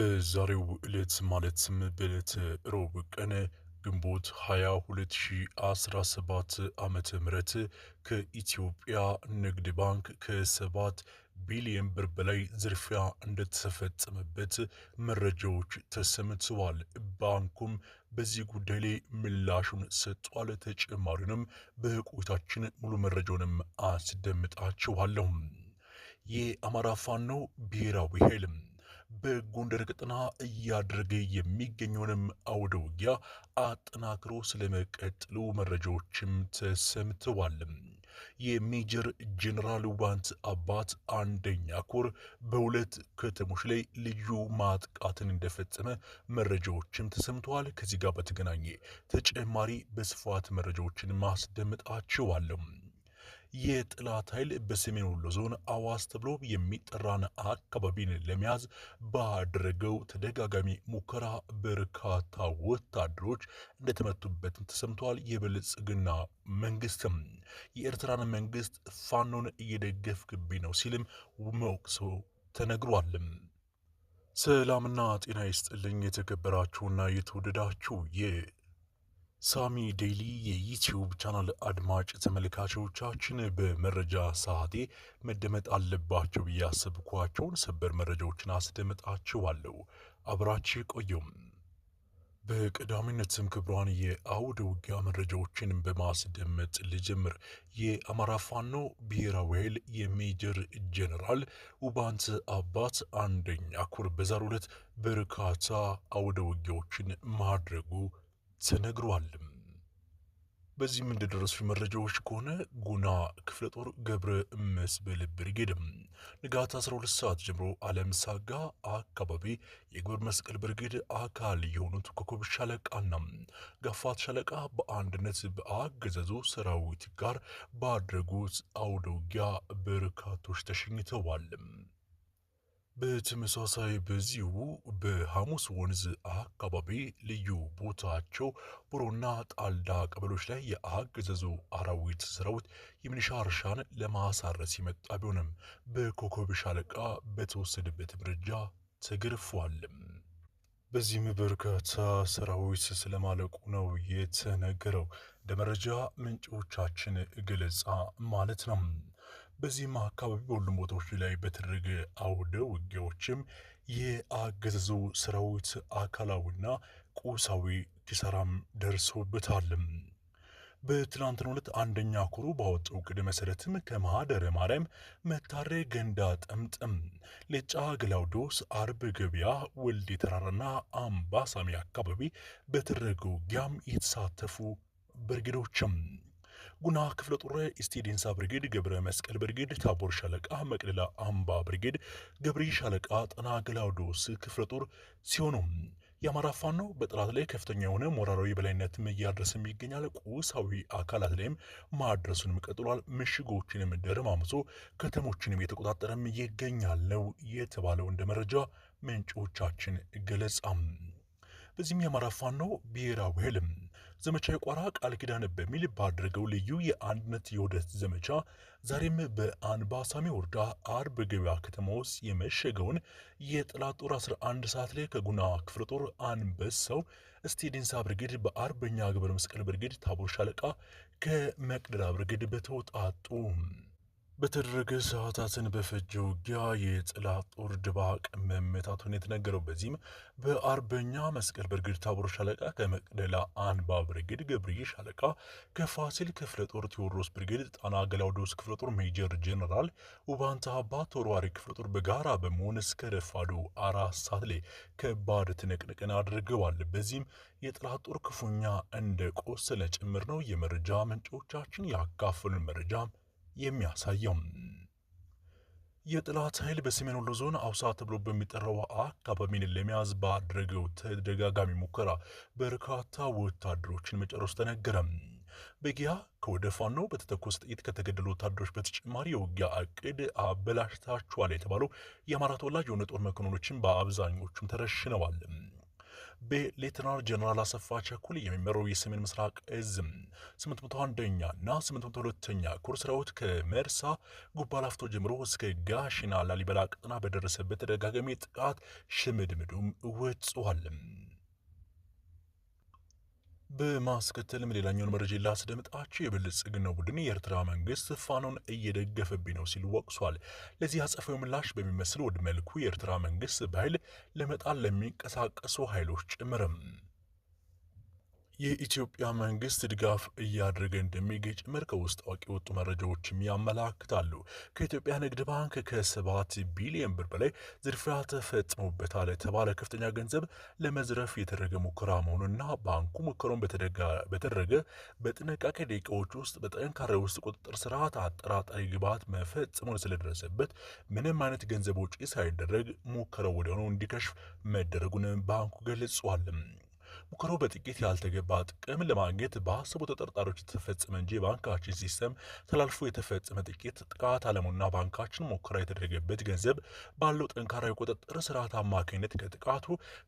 በዛሬው ዕለት ማለትም በዕለት ሮብ ቀን ግንቦት 22 2017 ዓመተ ምህረት ከኢትዮጵያ ንግድ ባንክ ከሰባት ቢሊዮን ብር በላይ ዝርፊያ እንደተፈጸመበት መረጃዎች ተሰምተዋል። ባንኩም በዚህ ጉዳይ ላይ ምላሹን ሰጥቷል። ተጨማሪንም በቆይታችን ሙሉ መረጃውንም አስደምጣችኋለሁ። የአማራ ፋኖ ብሔራዊ ኃይልም በጎንደር ቀጠና እያደረገ የሚገኘውንም አውደ ውጊያ አጠናክሮ ስለመቀጠሉ መረጃዎችም ተሰምተዋል። የሜጀር ጄኔራል ዋንት አባት አንደኛ ኮር በሁለት ከተሞች ላይ ልዩ ማጥቃትን እንደፈጸመ መረጃዎችም ተሰምተዋል። ከዚህ ጋር በተገናኘ ተጨማሪ በስፋት መረጃዎችን ማስደምጣችኋለሁ። የጥላት ኃይል በሰሜን ወሎ ዞን አዋስ ተብሎ የሚጠራን አካባቢን ለመያዝ ባደረገው ተደጋጋሚ ሙከራ በርካታ ወታደሮች እንደተመቱበትም ተሰምተዋል። የብልጽግና መንግስትም የኤርትራን መንግስት ፋኖን ግቢ ነው ሲልም መውቅሶ ተነግሯል። ሰላምና ጤና ይስጥልኝ የተከበራችሁና የተወደዳችሁ ሳሚ ዴይሊ የዩትዩብ ቻናል አድማጭ ተመልካቾቻችን፣ በመረጃ ሰዓቴ መደመጥ አለባቸው እያሰብኳቸውን ሰበር መረጃዎችን አስደምጣችኋለሁ። አብራችሁ ቆዩም። በቀዳሚነትም ክብሯን የአውደ ውጊያ መረጃዎችን በማስደመጥ ልጀምር። የአማራ ፋኖ ብሔራዊ ኃይል የሜጀር ጄኔራል ውባንት አባት አንደኛ ኩር በዛሬው ዕለት በርካታ አውደ ውጊያዎችን ማድረጉ ተነግሯልም። በዚህም እንደደረሱ መረጃዎች ከሆነ ጉና ክፍለ ጦር ገብረ መስበል ብርጌድም ንጋት 12 ሰዓት ጀምሮ አለም ሳጋ አካባቢ የግብር መስቀል ብርጌድ አካል የሆኑት ኮከብ ሻለቃና ጋፋት ሻለቃ በአንድነት በአገዛዙ ሰራዊት ጋር ባድረጉት አውደ በርካቶች ተሸኝተዋል። በተመሳሳይ በዚሁ በሐሙስ ወንዝ አካባቢ ልዩ ቦታቸው ቦሮና ጣልዳ ቀበሎች ላይ የአገዛዙ አራዊት ሰራዊት የሚኒሻ እርሻን ለማሳረስ ይመጣ ቢሆንም በኮከብ ሻለቃ በተወሰደበት ምርጃ ተገርፏል። በዚህም በርካታ ሰራዊት ስለማለቁ ነው የተነገረው እንደ መረጃ ምንጮቻችን ገለጻ ማለት ነው። በዚህም አካባቢ በሁሉም ቦታዎች ላይ በተደረገ አውደ ውጊያዎችም የአገዛዙ ሰራዊት አካላዊና ቁሳዊ ኪሳራም ደርሶበታል። በትላንትናው ዕለት አንደኛ ኩሩ ባወጣው ቅድ መሰረትም ከማህደረ ማርያም፣ መታሬ፣ ገንዳ፣ ጥምጥም፣ ሌጫ፣ ግላውዶስ፣ አርብ ገበያ፣ ወልድ የተራራና አምባሳሚ አካባቢ በተደረገው ውጊያም የተሳተፉ ብርጌዶችም ጉና ክፍለ ጦር ኢስቴዴንሳ ብርጌድ፣ ገብረ መስቀል ብርጌድ፣ ታቦር ሻለቃ፣ መቅደላ አምባ ብርጌድ፣ ገብሪ ሻለቃ፣ ጣና ገላውዶስ ክፍለ ጦር ሲሆኑ የአማራ ፋኖ በጠላት ላይ ከፍተኛ የሆነ ሞራላዊ በላይነትም እያደረሰም ይገኛል። ቁሳዊ አካላት ላይም ማድረሱንም ቀጥሏል። ምሽጎችንም ደረማምሶ ከተሞችንም የተቆጣጠረም ይገኛል ነው የተባለው እንደ መረጃ ምንጮቻችን ገለጻ። በዚህም የአማራ ፋኖ ብሔራዊ ህልም ዘመቻ የቋራ ቃል ኪዳን በሚል ባደረገው ልዩ የአንድነት የውህደት ዘመቻ ዛሬም በአንባሳሚ ወረዳ አርብ ገበያ ከተማ ውስጥ የመሸገውን የጠላት ጦር 11 ሰዓት ላይ ከጉና ክፍለ ጦር አንበሳው ስቴዲንሳ ብርግድ በአርበኛ ግብረ መስቀል ብርግድ ታቦር ሻለቃ ከመቅደላ ብርግድ በተውጣጡ በተደረገ ሰዓታትን በፈጀ ውጊያ የጠላት ጦር ድባቅ መመታቱን የተነገረው። በዚህም በአርበኛ መስቀል ብርግድ ታቦር ሻለቃ ከመቅደላ አንባ ብርግድ ገብርዬ ሻለቃ ከፋሲል ክፍለ ጦር ቴዎድሮስ ብርግድ ጣና ገላውዶስ ክፍለ ጦር ሜጀር ጀነራል ውባንታ አባ ተወርዋሪ ክፍለ ጦር በጋራ በመሆን እስከ ረፋዱ አራት ሰዓት ላይ ከባድ ትንቅንቅን አድርገዋል። በዚህም የጠላት ጦር ክፉኛ እንደ ቆሰለ ጭምር ነው የመረጃ ምንጮቻችን ያካፍሉን መረጃ የሚያሳየው። የጥላት ኃይል በሰሜን ወሎ ዞን አውሳ ተብሎ በሚጠራው አካባቢን ለመያዝ ባደረገው ተደጋጋሚ ሙከራ በርካታ ወታደሮችን መጨረሱ ተነገረ። በጊያ ከወደ ፋኖ በተተኮሰ ጥይት ከተገደሉ ወታደሮች በተጨማሪ የውጊያ እቅድ አበላሽታችኋል የተባለው የአማራ ተወላጅ የሆነ ጦር መኮንኖችን በአብዛኞቹም ተረሽነዋል። በሌተናል ጀነራል አሰፋ ቸኩል የሚመራው የሰሜን ምስራቅ እዝ 801ኛ እና 802ኛ ኮር ሰራዊት ከመርሳ ጉባላፍቶ ጀምሮ እስከ ጋሽና ላሊበላ ቀጠና በደረሰበት ተደጋጋሚ ጥቃት ሽምድምዱም ወጥቷል። በማስከተልም ሌላኛውን መረጃ ላስደምጣችሁ። የብልጽግናው ቡድን የኤርትራ መንግስት ፋኖን እየደገፈብኝ ነው ሲል ወቅሷል። ለዚህ አጸፋዊ ምላሽ በሚመስል ወድ መልኩ የኤርትራ መንግስት በኃይል ለመጣል ለሚንቀሳቀሱ ኃይሎች ጭምርም የኢትዮጵያ መንግስት ድጋፍ እያደረገ እንደሚገኝ ጭምር ከውስጥ አዋቂ የወጡ መረጃዎችም ያመላክታሉ። ከኢትዮጵያ ንግድ ባንክ ከሰባት ቢሊዮን ብር በላይ ዝርፊያ ተፈጽሞበታል የተባለ ከፍተኛ ገንዘብ ለመዝረፍ የተደረገ ሙከራ መሆኑና ባንኩ ሙከራውን በተደረገ በጥንቃቄ ደቂቃዎች ውስጥ በጠንካራ ውስጥ ቁጥጥር ስርዓት አጠራጣሪ ግብዓት መፈጸሙን ስለደረሰበት ምንም አይነት ገንዘብ ውጪ ሳይደረግ ሙከራው ወዲያውኑ እንዲከሽፍ መደረጉን ባንኩ ገልጿል። ሙከራው በጥቂት ያልተገባ ጥቅም ለማግኘት በሀሰቡ ተጠርጣሪዎች የተፈጸመ እንጂ ባንካችን ሲስተም ተላልፎ የተፈጸመ ጥቂት ጥቃት አለሙና ባንካችን ሙከራ የተደረገበት ገንዘብ ባለው ጠንካራ የቁጥጥር ስርዓት አማካኝነት ከጥቃቱ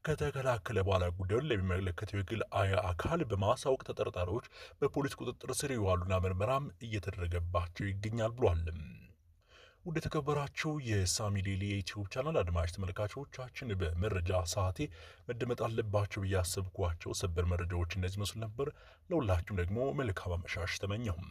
ከተከላከለ በኋላ ጉዳዩን ለሚመለከተው የግል አየ አካል በማሳወቅ ተጠርጣሪዎች በፖሊስ ቁጥጥር ስር ይዋሉና ምርመራም እየተደረገባቸው ይገኛል ብሏል። ወደ የተከበራችሁ የሳሚ ዴሊ የዩትዩብ ቻናል አድማጭ ተመልካቾቻችን በመረጃ ሰዓቴ መደመጥ አለባቸው ብያሰብኳቸው ሰበር መረጃዎች እነዚህ መስሉ ነበር። ለሁላችሁም ደግሞ መልካም አመሻሽ ተመኘሁም።